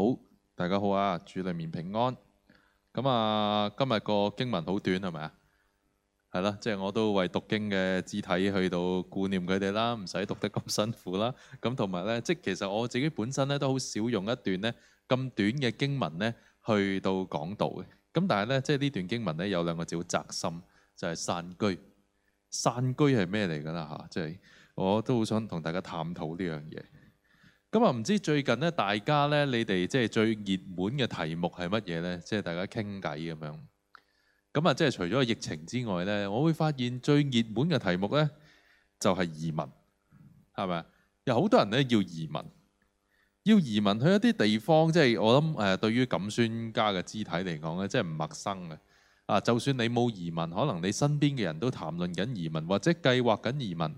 好，大家好啊！主裏面平安。咁啊，今日個經文好短，係咪啊？係啦，即係我都為讀經嘅肢體去到顧念佢哋啦，唔使讀得咁辛苦啦。咁同埋咧，即係其實我自己本身咧都好少用一段咧咁短嘅經文咧去到講道嘅。咁但係咧，即係呢段經文咧有兩個字好扎心，就係散居。散居係咩嚟噶啦？吓，即係我都好想同大家探討呢樣嘢。咁啊，唔知最近咧，大家咧，你哋即係最熱門嘅題目係乜嘢呢？即係大家傾偈咁樣。咁啊，即係除咗疫情之外呢，我會發現最熱門嘅題目呢，就係移民，係咪啊？有好多人咧要移民，要移民去一啲地方，即係我諗誒，對於咁算家嘅肢體嚟講呢，即係唔陌生嘅。啊，就算你冇移民，可能你身邊嘅人都談論緊移民，或者計劃緊移民。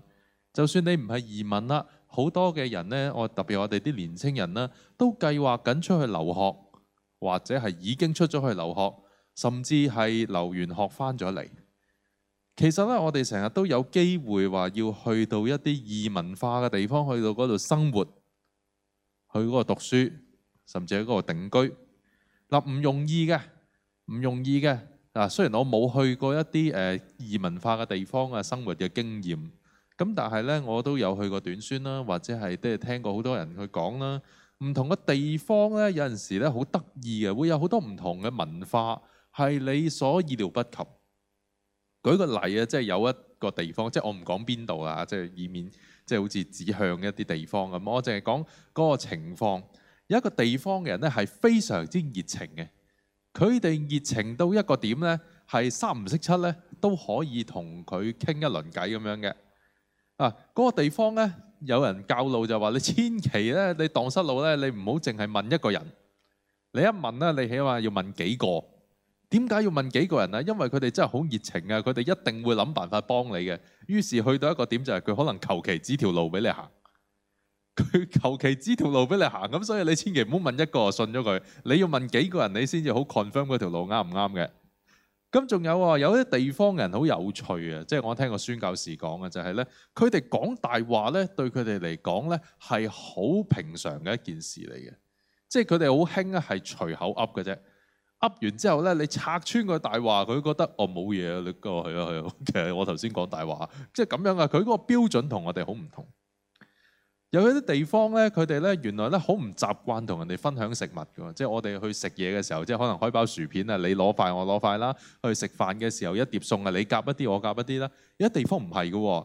就算你唔係移民啦。好多嘅人呢，我特別我哋啲年青人呢，都計劃緊出去留學，或者係已經出咗去留學，甚至係留完學翻咗嚟。其實呢，我哋成日都有機會話要去到一啲異文化嘅地方，去到嗰度生活，去嗰度讀書，甚至喺嗰度定居。嗱，唔容易嘅，唔容易嘅。嗱，雖然我冇去過一啲誒異文化嘅地方啊，生活嘅經驗。咁但係咧，我都有去過短宣啦，或者係即係聽過好多人去講啦。唔同嘅地方咧，有陣時咧，好得意嘅，會有好多唔同嘅文化係你所意料不及。舉個例啊，即係有一個地方，即係我唔講邊度啊，即係以免即係好似指向一啲地方咁。我淨係講嗰個情況。有一個地方嘅人咧，係非常之熱情嘅。佢哋熱情到一個點咧，係三唔識七咧，都可以同佢傾一輪偈咁樣嘅。啊！嗰、那個地方呢，有人教路就話：你千祈呢，你蕩失路呢，你唔好淨係問一個人。你一問呢，你起碼要問幾個？點解要問幾個人呢？因為佢哋真係好熱情啊！佢哋一定會諗辦法幫你嘅。於是去到一個點就係、是、佢可能求其指條路俾你行。佢求其指條路俾你行咁，所以你千祈唔好問一個信咗佢。你要問幾個人，你先至好 confirm 嗰條路啱唔啱嘅。咁仲有啊，有啲地方人好有趣啊，即係我聽過宣教士講嘅就係咧，佢哋講大話咧，對佢哋嚟講咧係好平常嘅一件事嚟嘅，即係佢哋好興啊，係隨口噏嘅啫，噏完之後咧，你拆穿個大話，佢覺得我冇嘢啊，你講去啊係啊，其實我頭先講大話，即係咁樣啊，佢嗰個標準同我哋好唔同。有一啲地方咧，佢哋咧原來咧好唔習慣同人哋分享食物嘅，即係我哋去食嘢嘅時候，即係可能開包薯片啊，你攞塊我攞塊啦；去食飯嘅時候，一碟餸啊，你夾一啲我夾一啲啦。有啲地方唔係嘅，嗱、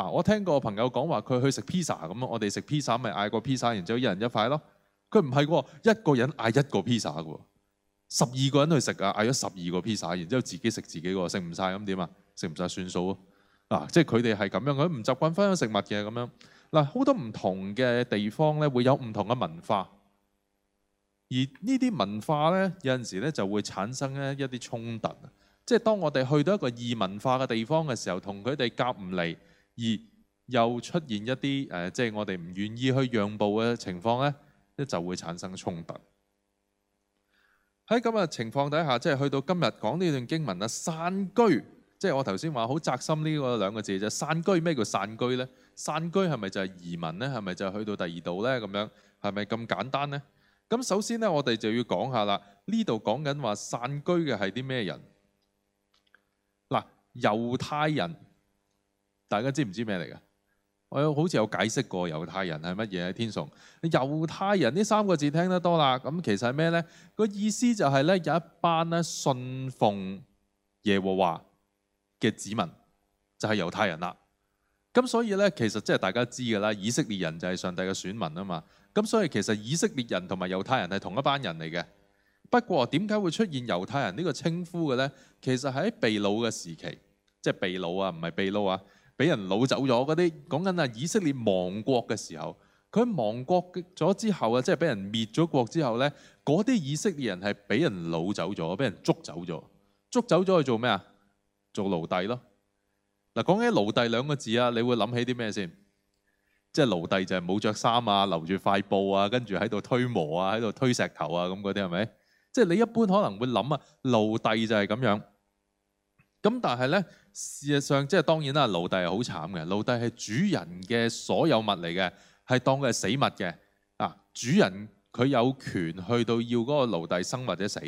啊，我聽個朋友講話，佢去食披薩咁啊，我哋食披薩咪嗌個，個，個，個披薩，然之後一人一塊咯。佢唔係喎，一個人嗌一個披薩嘅，十二個人去食啊，嗌咗十二個披薩，然之後自己食自己個，食唔晒，咁點啊？食唔晒算數啊？嗱，即係佢哋係咁樣，佢唔習慣分享食物嘅咁樣。嗱，好多唔同嘅地方咧，會有唔同嘅文化，而呢啲文化咧，有陣時咧就會產生咧一啲衝突。即係當我哋去到一個異文化嘅地方嘅時候，同佢哋夾唔嚟，而又出現一啲誒，即係我哋唔願意去讓步嘅情況呢，就會產生衝突。喺咁嘅情況底下，即係去到今日講呢段經文啦，散居，即係我頭先話好扎心呢個兩個字啫。散居，咩叫散居呢？散居係咪就係移民呢？係咪就係去到第二度呢？咁樣係咪咁簡單呢？咁首先呢，我哋就要講下啦。呢度講緊話散居嘅係啲咩人？嗱，猶太人，大家知唔知咩嚟㗎？我有好似有解釋過猶太人係乜嘢？天送猶太人呢三個字聽得多啦。咁其實係咩呢？個意思就係呢，有一班呢信奉耶和華嘅子民就係、是、猶太人啦。咁所以咧，其實即係大家知嘅啦，以色列人就係上帝嘅選民啊嘛。咁所以其實以色列人同埋猶太人係同一班人嚟嘅。不過點解會出現猶太人呢個稱呼嘅咧？其實喺被擄嘅時期，即係被擄啊，唔係被擄啊，俾人擄走咗嗰啲，講緊啊以色列亡國嘅時候，佢亡國咗之後啊，即係俾人滅咗國之後咧，嗰啲以色列人係俾人擄走咗，俾人捉走咗，捉走咗去做咩啊？做奴隸咯。嗱，講起奴隸兩個字啊，你會諗起啲咩先？即係奴隸就係冇着衫啊，留住塊布啊，跟住喺度推磨啊，喺度推石頭啊，咁嗰啲係咪？即係你一般可能會諗啊，奴隸就係咁樣。咁但係咧，事實上即係當然啦，奴隸係好慘嘅。奴隸係主人嘅所有物嚟嘅，係當佢係死物嘅。啊，主人佢有權去到要嗰個奴隸生或者死。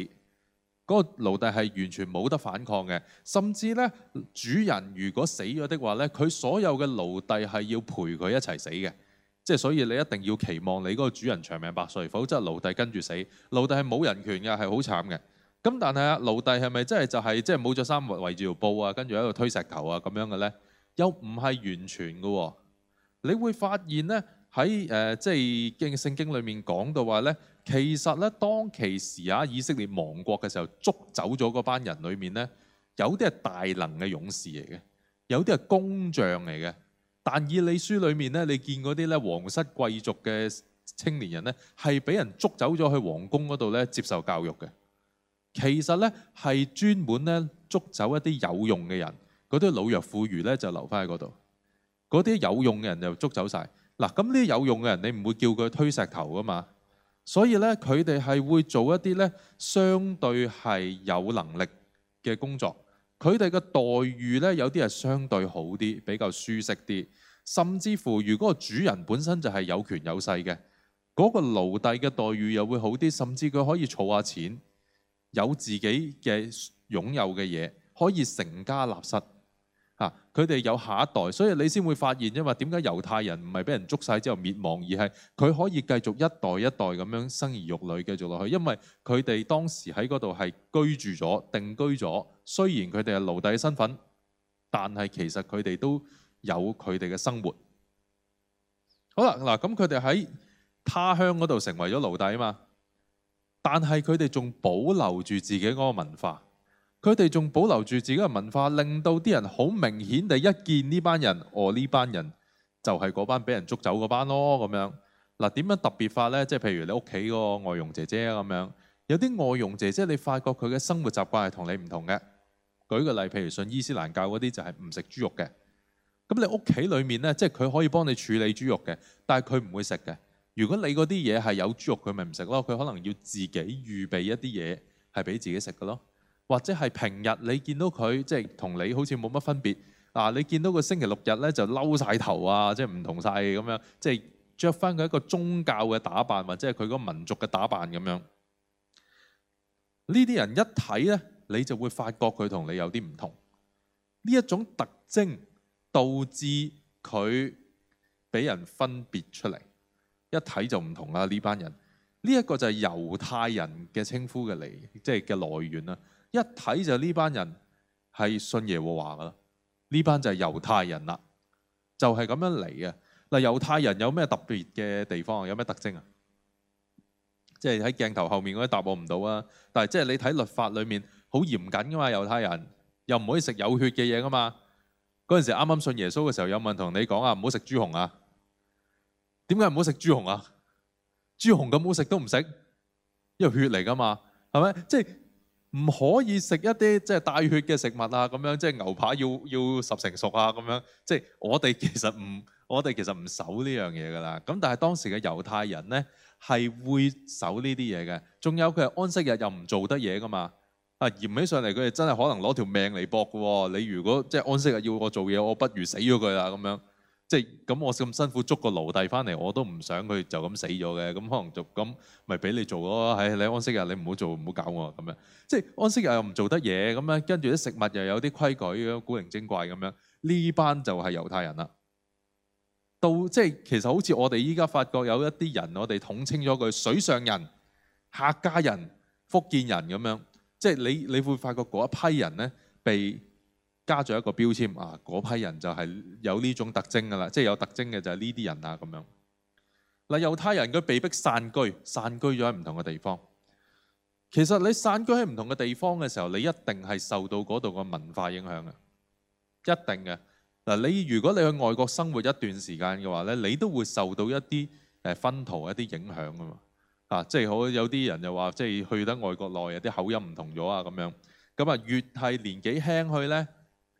嗰個奴隸係完全冇得反抗嘅，甚至咧主人如果死咗的話咧，佢所有嘅奴隸係要陪佢一齊死嘅，即係所以你一定要期望你嗰個主人長命百歲，否則奴隸跟住死。奴隸係冇人權嘅，係好慘嘅。咁但係奴隸係咪真係就係即係冇着衫圍住條布啊，跟住喺度推石球啊咁樣嘅咧？又唔係完全嘅，哦，你會發現咧。喺誒、呃，即係經聖經裏面講到話呢，其實呢，當其時啊，以色列亡國嘅時候捉走咗嗰班人裏面呢，有啲係大能嘅勇士嚟嘅，有啲係工匠嚟嘅。但以理書裏面呢，你見嗰啲呢皇室貴族嘅青年人呢，係俾人捉走咗去皇宮嗰度呢接受教育嘅。其實呢，係專門呢捉走一啲有用嘅人，嗰啲老弱婦孺呢，就留翻喺嗰度，嗰啲有用嘅人就捉走晒。嗱，咁呢啲有用嘅人，你唔會叫佢推石頭㗎嘛，所以呢，佢哋係會做一啲呢相對係有能力嘅工作。佢哋嘅待遇呢，有啲係相對好啲，比較舒適啲，甚至乎，如果個主人本身就係有權有勢嘅，嗰個奴隸嘅待遇又會好啲，甚至佢可以儲下錢，有自己嘅擁有嘅嘢，可以成家立室。啊，佢哋有下一代，所以你先會發現，因為點解猶太人唔係俾人捉晒之後滅亡，而係佢可以繼續一代一代咁樣生兒育女，繼續落去。因為佢哋當時喺嗰度係居住咗、定居咗。雖然佢哋係奴隸身份，但係其實佢哋都有佢哋嘅生活。好啦，嗱咁佢哋喺他鄉嗰度成為咗奴隸啊嘛，但係佢哋仲保留住自己嗰個文化。佢哋仲保留住自己嘅文化，令到啲人好明顯地一見呢班人，哦，呢班人就係嗰班俾人捉走嗰班咯。咁樣嗱，啊，點樣特別法呢？即係譬如你屋企嗰個外傭姐姐咁樣，有啲外傭姐姐，姐姐你發覺佢嘅生活習慣係同你唔同嘅。舉個例，譬如信伊斯蘭教嗰啲就係唔食豬肉嘅。咁你屋企裏面呢，即係佢可以幫你處理豬肉嘅，但係佢唔會食嘅。如果你嗰啲嘢係有豬肉，佢咪唔食咯。佢可能要自己預備一啲嘢係俾自己食嘅咯。或者係平日你見到佢即係同你好似冇乜分別嗱、啊，你見到佢星期六日咧就嬲晒頭啊，即係唔同晒咁樣，即係着返佢一個宗教嘅打扮或者係佢嗰個民族嘅打扮咁樣。呢啲人一睇咧，你就會發覺佢同你有啲唔同。呢一種特徵導致佢俾人分別出嚟，一睇就唔同啦呢班人。呢一個就係猶太人嘅稱呼嘅嚟，即係嘅來源啦。一睇就呢班人係信耶和華噶啦，呢班就係猶太人啦，就係、是、咁樣嚟嘅。嗱，猶太人有咩特別嘅地方啊？有咩特徵啊？即係喺鏡頭後面嗰啲答案唔到啊！但係即係你睇律法裡面好嚴謹噶嘛，猶太人又唔可以食有血嘅嘢噶嘛。嗰陣時啱啱信耶穌嘅時候，有問同你講啊，唔好食豬紅啊。點解唔好食豬紅啊？豬紅咁好食都唔食，因為血嚟噶嘛，係咪？即係。唔可以食一啲即係帶血嘅食物啊，咁樣即係牛扒要要十成熟啊，咁樣即係我哋其實唔我哋其實唔守呢樣嘢噶啦。咁但係當時嘅猶太人咧係會守呢啲嘢嘅。仲有佢係安息日又唔做得嘢噶嘛？啊，嚴起上嚟，佢哋真係可能攞條命嚟搏噶喎。你如果即係安息日要我做嘢，我不如死咗佢啦咁樣。即係咁，我咁辛苦捉個奴隸翻嚟，我都唔想佢就咁死咗嘅。咁可能就咁，咪俾你做咯。唉，你安息日你唔好做，唔好搞我咁樣。即係安息日又唔做得嘢，咁樣跟住啲食物又有啲規矩嘅，古靈精怪咁樣。呢班就係猶太人啦。到即係其實好似我哋依家發覺有一啲人，我哋統稱咗佢水上人、客家人、福建人咁樣。即係你你會發覺嗰一批人咧被加咗一個標籤啊！嗰批人就係有呢種特徵㗎啦，即係有特徵嘅就係呢啲人啊咁樣。嗱，猶太人佢被迫散居，散居咗喺唔同嘅地方。其實你散居喺唔同嘅地方嘅時候，你一定係受到嗰度嘅文化影響嘅，一定嘅。嗱，你如果你去外國生活一段時間嘅話咧，你都會受到一啲誒薰陶，一啲影響㗎嘛。啊，即係好有啲人就話，即係去得外國耐啊，啲口音唔同咗啊咁樣。咁啊，越係年紀輕去咧。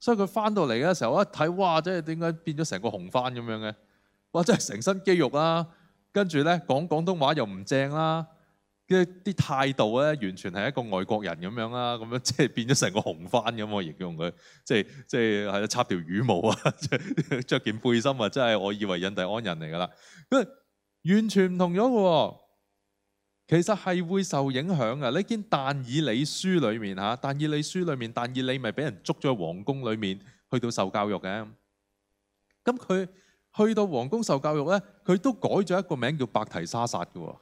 所以佢返到嚟嘅時候一看，一睇哇，即係點解變咗成個紅番咁樣嘅？哇，即係成身肌肉啦、啊，跟住咧講廣東話又唔正啦、啊，一啲態度咧完全係一個外國人咁樣啦，咁樣即係變咗成個紅番咁，我形容佢，即係即係係咯插條羽毛啊，着件背心啊，真係我以為是印第安人嚟㗎喇，完全唔同咗嘅喎。其實係會受影響嘅呢件，但以理書裏面嚇，但以理書裏面，但以理咪俾人捉咗喺皇宮裏面去到受教育嘅。咁佢去到皇宮受教育咧，佢都改咗一個名叫伯提沙撒嘅，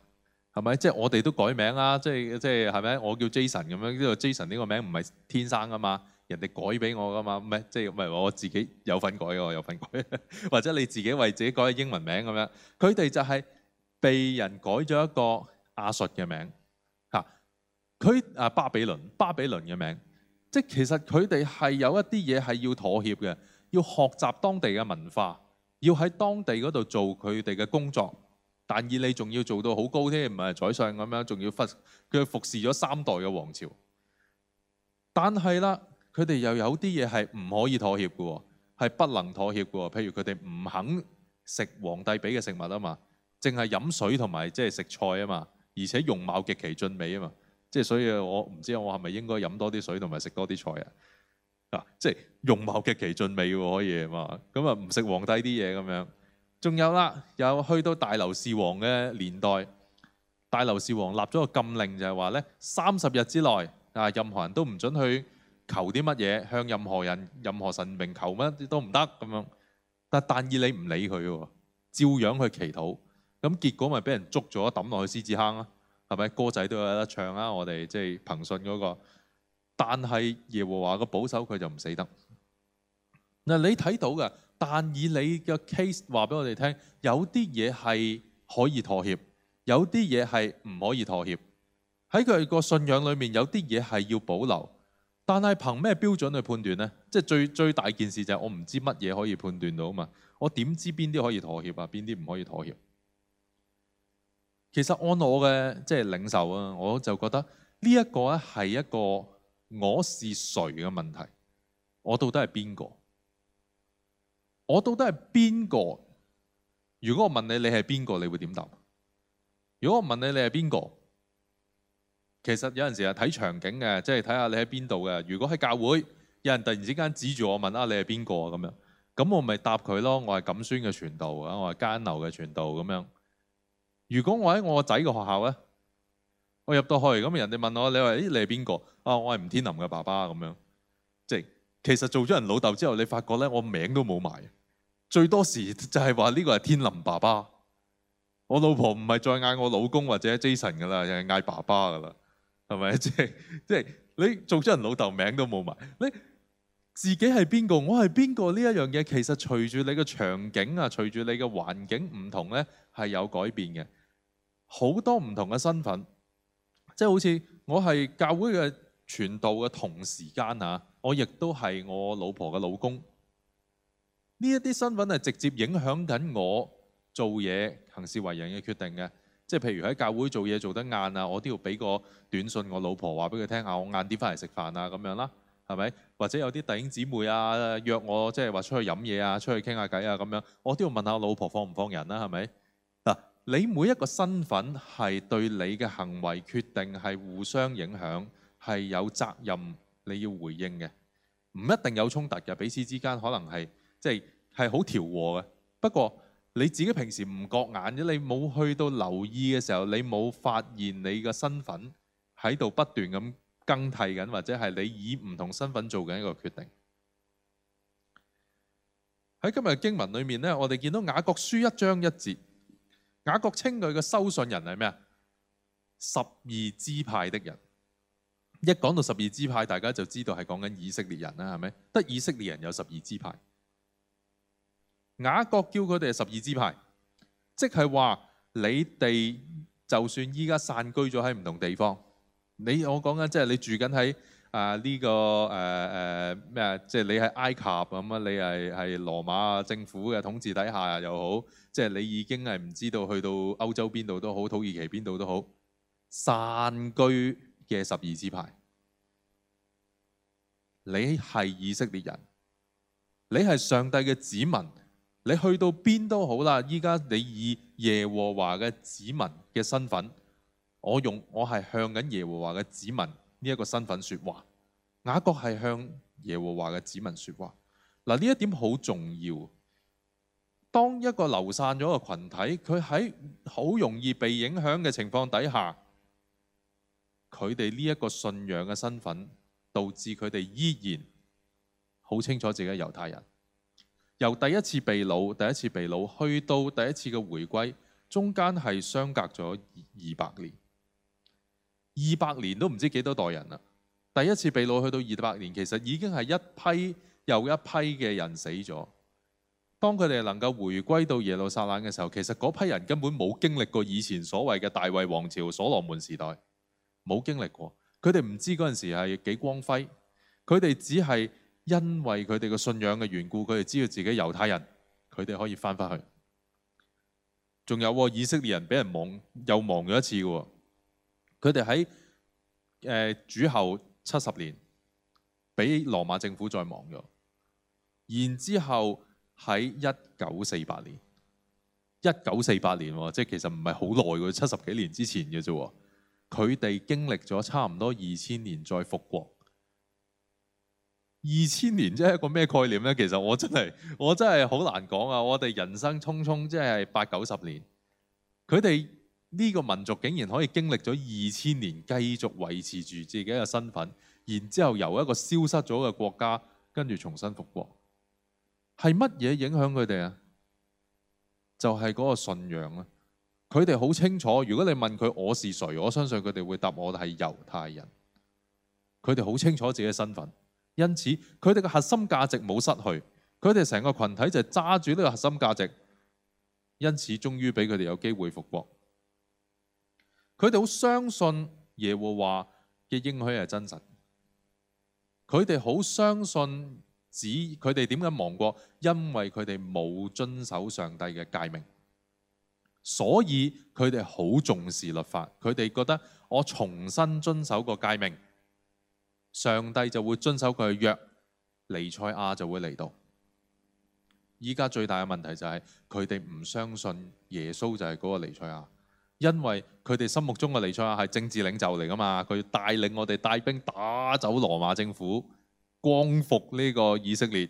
係咪？即係我哋都改名啊，即係即係係咪？我叫 Jason 咁樣，呢個 Jason 呢個名唔係天生噶嘛，人哋改俾我噶嘛，唔係即係唔係話我自己有份改嘅，我有份改 或者你自己為自己改個英文名咁樣。佢哋就係被人改咗一個，亞述嘅名嚇，佢啊巴比倫，巴比倫嘅名，即其實佢哋係有一啲嘢係要妥協嘅，要學習當地嘅文化，要喺當地嗰度做佢哋嘅工作。但以你仲要做到好高添，唔係宰相咁樣，仲要，要服佢服侍咗三代嘅皇朝。但係啦，佢哋又有啲嘢係唔可以妥協嘅，係不能妥協嘅。譬如佢哋唔肯食皇帝俾嘅食物啊嘛，淨係飲水同埋即係食菜啊嘛。而且容貌極其俊美啊嘛，即係所以我唔知我係咪應該飲多啲水同埋食多啲菜啊，即係容貌極其俊美喎，可以嘛，咁啊唔食皇帝啲嘢咁樣，仲有啦，又去到大流士王嘅年代，大流士王立咗個禁令，就係話呢：「三十日之內啊，任何人都唔准去求啲乜嘢，向任何人、任何神明求乜都唔得咁樣，但但以理唔理佢喎，照樣去祈禱。咁結果咪俾人捉咗抌落去獅子坑啦，係咪歌仔都有得唱啊？我哋即係憑信嗰個，但係耶和華個保守佢就唔死得嗱。你睇到嘅，但以你嘅 case 話俾我哋聽，有啲嘢係可以妥協，有啲嘢係唔可以妥協。喺佢個信仰裡面有啲嘢係要保留，但係憑咩標準去判斷呢？即係最最大件事就係我唔知乜嘢可以判斷到啊嘛。我點知邊啲可以妥協啊？邊啲唔可以妥協？其實按我嘅即係領受啊，我就覺得呢一個咧係一個我是誰嘅問題。我到底係邊個？我到底係邊個？如果我問你，你係邊個？你會點答？如果我問你，你係邊個？其實有陣時係睇場景嘅，即係睇下你喺邊度嘅。如果喺教會，有人突然之間指住我問啊，你係邊個啊？咁樣，咁我咪答佢咯。我係錦孫嘅傳道啊，我係間流嘅傳道咁樣。如果我喺我個仔嘅學校咧，我入到去，咁人哋問我，你話你係邊個？啊，我係吳天林嘅爸爸咁樣。即係其實做咗人老豆之後，你發覺咧，我名都冇埋。最多時就係話呢個係天林爸爸。我老婆唔係再嗌我老公或者 Jason 噶啦，又係嗌爸爸噶啦。係咪？即係即係你做咗人老豆，名都冇埋。你自己係邊個？我係邊個？呢一樣嘢其實隨住你嘅場景啊，隨住你嘅環境唔同咧，係有改變嘅。好多唔同嘅身份，即係好似我係教會嘅傳道嘅同時間啊，我亦都係我老婆嘅老公。呢一啲身份係直接影響緊我做嘢、行事為人嘅決定嘅。即係譬如喺教會做嘢做得晏啊，我都要俾個短信我老婆話俾佢聽下，我晏啲翻嚟食飯啊咁樣啦，係咪？或者有啲弟兄姊妹啊約我即係話出去飲嘢啊、出去傾下偈啊咁樣，我都要問下我老婆放唔放人啦，係咪？你每一個身份係對你嘅行為決定係互相影響，係有責任你要回應嘅，唔一定有衝突嘅，彼此之間可能係即係係好調和嘅。不過你自己平時唔覺眼，你冇去到留意嘅時候，你冇發現你嘅身份喺度不斷咁更替緊，或者係你以唔同身份做緊一個決定。喺今日經文裏面呢，我哋見到雅各書一章一節。雅各稱佢嘅收信人係咩啊？十二支派的人，一講到十二支派，大家就知道係講緊以色列人啦，係咪？得以色列人有十二支派。雅各叫佢哋係十二支派，即係話你哋就算依家散居咗喺唔同地方，你我講緊即係你住緊喺。啊！呢個誒誒咩？即係你喺埃及咁啊，你係係羅馬政府嘅統治底下又好，即係你已經係唔知道去到歐洲邊度都好，土耳其邊度都好，散居嘅十二支派，你係以色列人，你係上帝嘅子民，你去到邊都好啦。依家你以耶和華嘅子民嘅身份，我用我係向緊耶和華嘅子民呢一個身份說話。雅各係向耶和華嘅子民說話，嗱呢一點好重要。當一個流散咗嘅群體，佢喺好容易被影響嘅情況底下，佢哋呢一個信仰嘅身份，導致佢哋依然好清楚自己係猶太人。由第一次被擄，第一次被擄去到第一次嘅回歸，中間係相隔咗二百年，二百年都唔知幾多代人啦。第一次被擄去到二百年，其實已經係一批又一批嘅人死咗。當佢哋能夠回歸到耶路撒冷嘅時候，其實嗰批人根本冇經歷過以前所謂嘅大衛王朝，所羅門時代，冇經歷過。佢哋唔知嗰陣時係幾光輝。佢哋只係因為佢哋嘅信仰嘅緣故，佢哋知道自己猶太人，佢哋可以翻返去。仲有以色列人俾人亡又亡咗一次嘅。佢哋喺誒主後，七十年，畀羅馬政府再忙咗。然之後喺一九四八年，一九四八年喎，即係其實唔係好耐喎，七十幾年之前嘅啫。佢哋經歷咗差唔多二千年再復國。二千年即係一個咩概念呢？其實我真係我真係好難講啊！我哋人生匆匆，即係八九十年。佢哋。呢個民族竟然可以經歷咗二千年，繼續維持住自己嘅身份，然之後由一個消失咗嘅國家跟住重新復國，係乜嘢影響佢哋啊？就係嗰個信仰啊！佢哋好清楚，如果你問佢我是誰，我相信佢哋會答我係猶太人。佢哋好清楚自己嘅身份，因此佢哋嘅核心價值冇失去，佢哋成個群體就揸住呢個核心價值，因此終於俾佢哋有機會復國。佢哋好相信耶和華嘅應許係真實，佢哋好相信指佢哋點解亡國，因為佢哋冇遵守上帝嘅誡命，所以佢哋好重視律法。佢哋覺得我重新遵守個誡命，上帝就會遵守佢嘅約，彌賽亞就會嚟到。依家最大嘅問題就係佢哋唔相信耶穌就係嗰個彌賽亞。因為佢哋心目中嘅彌賽亞係政治領袖嚟噶嘛，佢要帶領我哋帶兵打走羅馬政府，光復呢個以色列。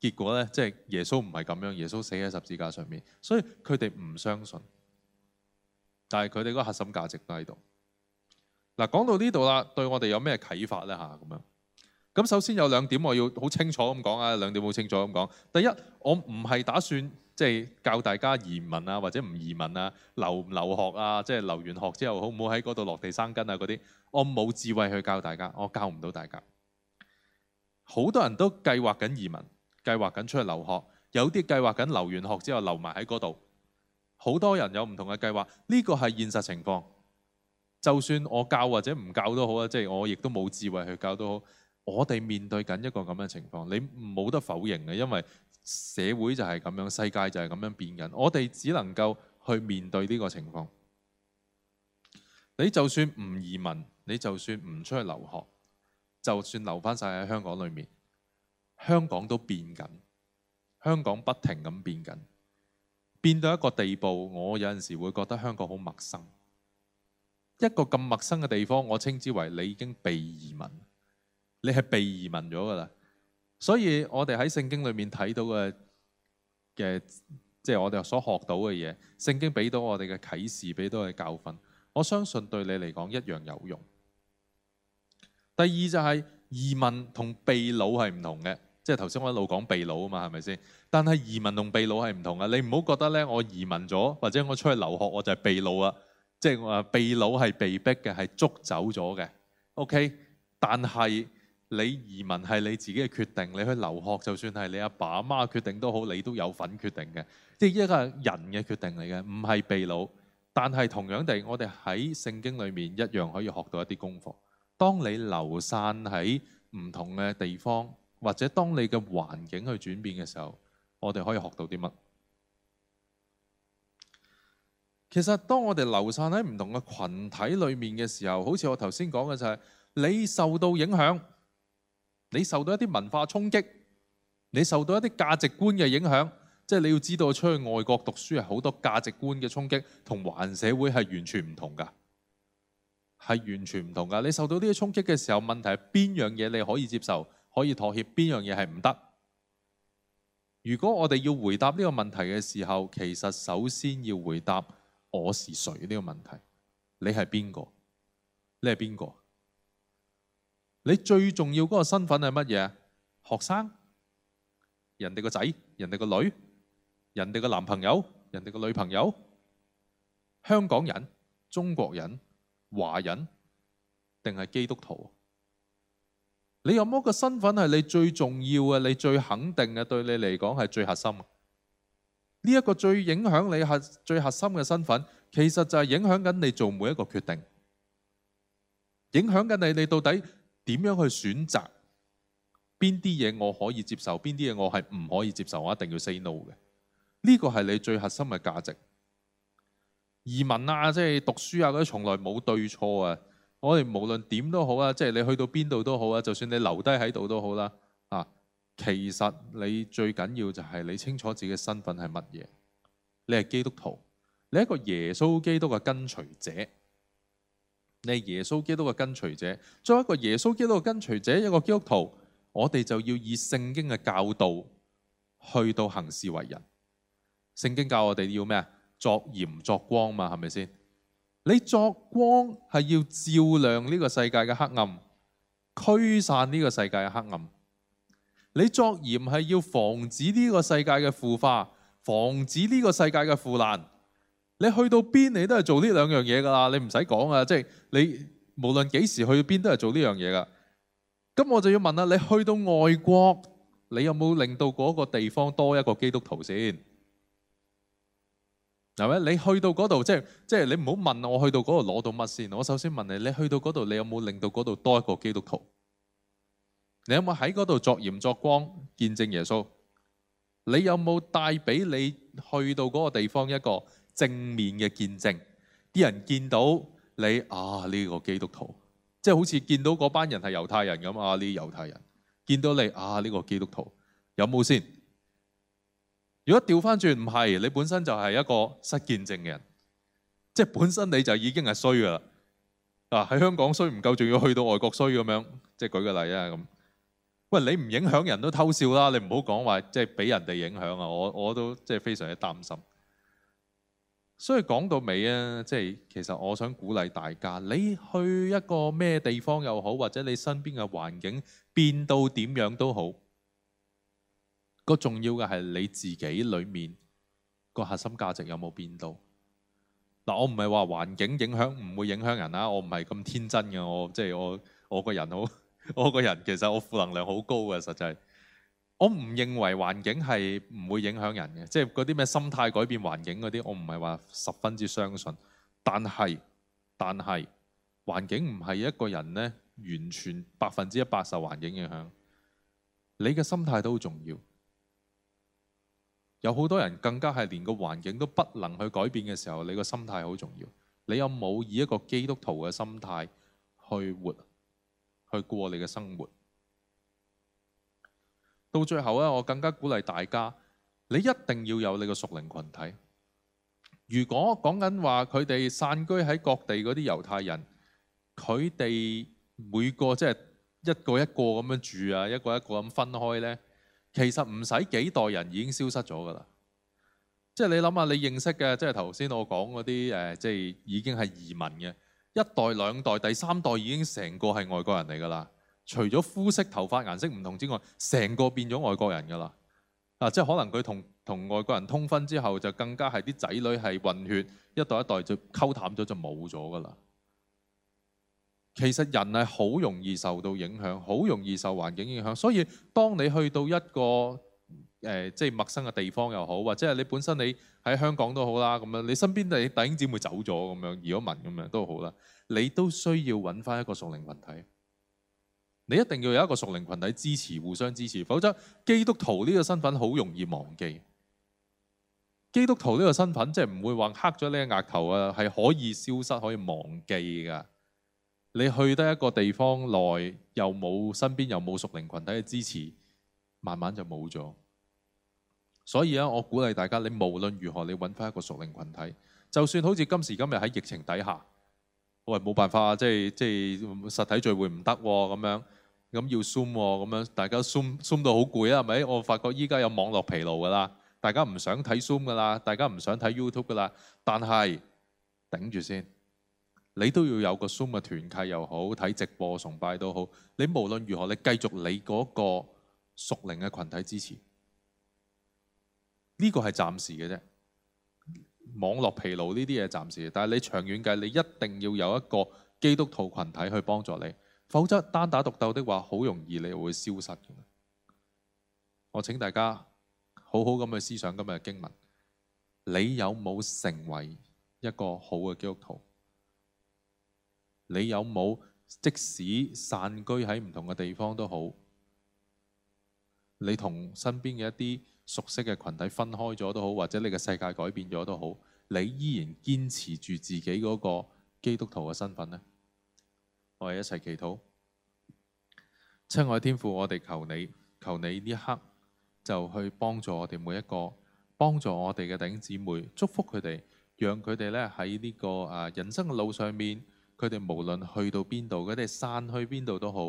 結果呢，即係耶穌唔係咁樣，耶穌死喺十字架上面，所以佢哋唔相信。但係佢哋嗰個核心價值都喺度。嗱，講到呢度啦，對我哋有咩啟發呢？吓？咁樣。咁首先有兩點我要好清楚咁講啊，兩點好清楚咁講。第一，我唔係打算。即係教大家移民啊，或者唔移民啊，留唔留學啊，即係留完學之後，好唔好喺嗰度落地生根啊？嗰啲我冇智慧去教大家，我教唔到大家。好多人都計劃緊移民，計劃緊出去留學，有啲計劃緊留完學之後留埋喺嗰度。好多人有唔同嘅計劃，呢個係現實情況。就算我教或者唔教都好啦，即係我亦都冇智慧去教都好。我哋面對緊一個咁嘅情況，你冇得否認嘅，因為。社會就係咁樣，世界就係咁樣變緊。我哋只能夠去面對呢個情況。你就算唔移民，你就算唔出去留學，就算留返晒喺香港裏面，香港都變緊，香港不停咁變緊，變到一個地步，我有陣時會覺得香港好陌生。一個咁陌生嘅地方，我稱之為你已經被移民，你係被移民咗㗎喇。所以我哋喺聖經裏面睇到嘅嘅，即係我哋所學到嘅嘢，聖經俾到我哋嘅啟示，俾到嘅教訓，我相信對你嚟講一樣有用。第二就係移民同被擄係唔同嘅，即係頭先我一路講被擄啊嘛，係咪先？但係移民同被擄係唔同嘅，你唔好覺得咧，我移民咗或者我出去留學，我就係被擄啊！即係話被擄係被逼嘅，係捉走咗嘅。OK，但係。你移民係你自己嘅決定，你去留學就算係你阿爸阿媽決定都好，你都有份決定嘅，即係一個人嘅決定嚟嘅，唔係被擄。但係同樣地，我哋喺聖經裏面一樣可以學到一啲功課。當你流散喺唔同嘅地方，或者當你嘅環境去轉變嘅時候，我哋可以學到啲乜？其實當我哋流散喺唔同嘅群體裏面嘅時候，好似我頭先講嘅就係、是、你受到影響。你受到一啲文化衝擊，你受到一啲價值觀嘅影響，即係你要知道出去外國讀書係好多價值觀嘅衝擊，同華人社會係完全唔同噶，係完全唔同噶。你受到呢啲衝擊嘅時候，問題係邊樣嘢你可以接受，可以妥協，邊樣嘢係唔得？如果我哋要回答呢個問題嘅時候，其實首先要回答我是誰呢個問題。你係邊個？你係邊個？你最重要嗰個身份係乜嘢？學生、人哋個仔、人哋個女、人哋個男朋友、人哋個女朋友、香港人、中國人、華人，定係基督徒？你有冇個身份係你最重要嘅、你最肯定嘅？對你嚟講係最核心。呢一個最影響你核最核心嘅身份，其實就係影響緊你做每一個決定，影響緊你你到底。點樣去選擇邊啲嘢我可以接受，邊啲嘢我係唔可以接受？我一定要 say no 嘅。呢個係你最核心嘅價值。移民啊，即係讀書啊，嗰啲從來冇對錯啊。我哋無論點都好啊，即係你去到邊度都好啊，就算你留低喺度都好啦。啊，其實你最緊要就係你清楚自己嘅身份係乜嘢。你係基督徒，你係一個耶穌基督嘅跟隨者。你係耶穌基督嘅跟隨者，作為一個耶穌基督嘅跟隨者，一個基督徒，我哋就要以聖經嘅教導去到行事為人。聖經教我哋要咩啊？作鹽作光嘛，係咪先？你作光係要照亮呢個世界嘅黑暗，驅散呢個世界嘅黑暗。你作鹽係要防止呢個世界嘅腐化，防止呢個世界嘅腐爛。你去到邊你都係做呢兩樣嘢噶啦，你唔使講啊，即係你無論幾時去邊都係做呢樣嘢噶。咁我就要問啦，你去到外國，你有冇令到嗰個地方多一個基督徒先？係咪？你去到嗰度，即係即係你唔好問我去到嗰度攞到乜先，我首先問你，你去到嗰度，你有冇令到嗰度多一個基督徒？你有冇喺嗰度作鹽作光見證耶穌？你有冇帶俾你去到嗰個地方一個？正面嘅見證，啲人見到你啊呢個基督徒，即係好似見到嗰班人係猶太人咁，啊呢猶太人見到你啊呢個基督徒有冇先？如果調翻轉唔係你本身就係一個失見證嘅人，即係本身你就已經係衰噶啦啊！喺香港衰唔夠，仲要去到外國衰咁樣，即係舉個例啊咁。喂，你唔影響人都偷笑啦，你唔好講話即係俾人哋影響啊！我我都即係非常之擔心。所以講到尾啊，即係其實我想鼓勵大家，你去一個咩地方又好，或者你身邊嘅環境變到點樣都好，個重要嘅係你自己裡面個核心價值有冇變到？嗱，我唔係話環境影響唔會影響人啦，我唔係咁天真嘅，我即係、就是、我我個人好，我個人其實我負能量好高嘅，實際。我唔認為環境係唔會影響人嘅，即係嗰啲咩心態改變環境嗰啲，我唔係話十分之相信。但係，但係環境唔係一個人呢，完全百分之一百受環境影響。你嘅心態都好重要。有好多人更加係連個環境都不能去改變嘅時候，你個心態好重要。你有冇以一個基督徒嘅心態去活，去過你嘅生活？到最後啊，我更加鼓勵大家，你一定要有你個屬靈群體。如果講緊話佢哋散居喺各地嗰啲猶太人，佢哋每個即係、就是、一個一個咁樣住啊，一個一個咁分開呢，其實唔使幾代人已經消失咗㗎啦。即係你諗下，你認識嘅，即係頭先我講嗰啲誒，即係已經係移民嘅，一代兩代第三代已經成個係外國人嚟㗎啦。除咗膚色、頭髮顏色唔同之外，成個變咗外國人㗎啦！啊，即係可能佢同同外國人通婚之後，就更加係啲仔女係混血，一代一代就溝淡咗就冇咗㗎啦。其實人係好容易受到影響，好容易受環境影響，所以當你去到一個誒、呃、即係陌生嘅地方又好，或者係你本身你喺香港都好啦，咁樣你身邊嘅弟兄姊妹走咗咁樣，移咗民咁樣都好啦，你都需要揾翻一個屬靈群體。你一定要有一個屬靈群體支持，互相支持，否則基督徒呢個身份好容易忘記。基督徒呢個身份即係唔會話黑咗呢個額頭啊，係可以消失、可以忘記噶。你去得一個地方內，又冇身邊又冇屬靈群體嘅支持，慢慢就冇咗。所以啊，我鼓勵大家，你無論如何，你搵翻一個屬靈群體，就算好似今時今日喺疫情底下，喂冇辦法，即係即係實體聚會唔得咁樣。咁要 zoom 喎，咁樣，大家 zoom zoom 到好攰啦，係咪？我發覺依家有網絡疲勞噶啦，大家唔想睇 zoom 噶啦，大家唔想睇 YouTube 噶啦。但係頂住先，你都要有個 zoom 嘅團契又好，睇直播崇拜都好。你無論如何，你繼續你嗰個屬靈嘅群體支持。呢個係暫時嘅啫，網絡疲勞呢啲嘢暫時。但係你長遠計，你一定要有一個基督徒群體去幫助你。否則單打獨鬥的話，好容易你會消失。我請大家好好咁去思想今日嘅經文，你有冇成為一個好嘅基督徒？你有冇即使散居喺唔同嘅地方都好，你同身邊嘅一啲熟悉嘅群體分開咗都好，或者你嘅世界改變咗都好，你依然堅持住自己嗰個基督徒嘅身份呢？我哋一齊祈禱，親愛天父，我哋求你，求你呢刻就去幫助我哋每一個，幫助我哋嘅弟兄姊妹，祝福佢哋，讓佢哋咧喺呢個啊人生嘅路上面，佢哋無論去到邊度，佢哋散去邊度都好，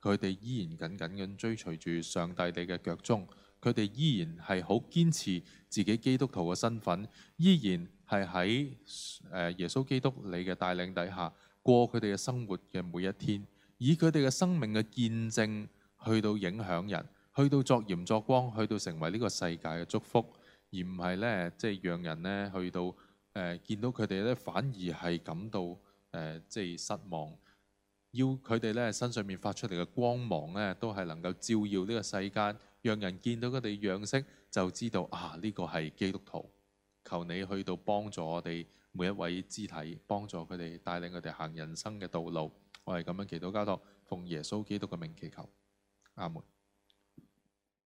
佢哋依然緊緊咁追隨住上帝你嘅腳蹤，佢哋依然係好堅持自己基督徒嘅身份，依然係喺耶穌基督你嘅帶領底下。過佢哋嘅生活嘅每一天，以佢哋嘅生命嘅見證去到影響人，去到作鹽作光，去到成為呢個世界嘅祝福，而唔係呢，即係讓人呢去到誒見到佢哋呢，反而係感到誒即係失望。要佢哋呢身上面發出嚟嘅光芒呢，都係能夠照耀呢個世界，讓人見到佢哋樣式就知道啊呢個係基督徒。求你去到幫助我哋。每一位肢體，幫助佢哋帶領佢哋行人生嘅道路，我係咁樣祈禱交託，奉耶穌基督嘅名祈求，阿門。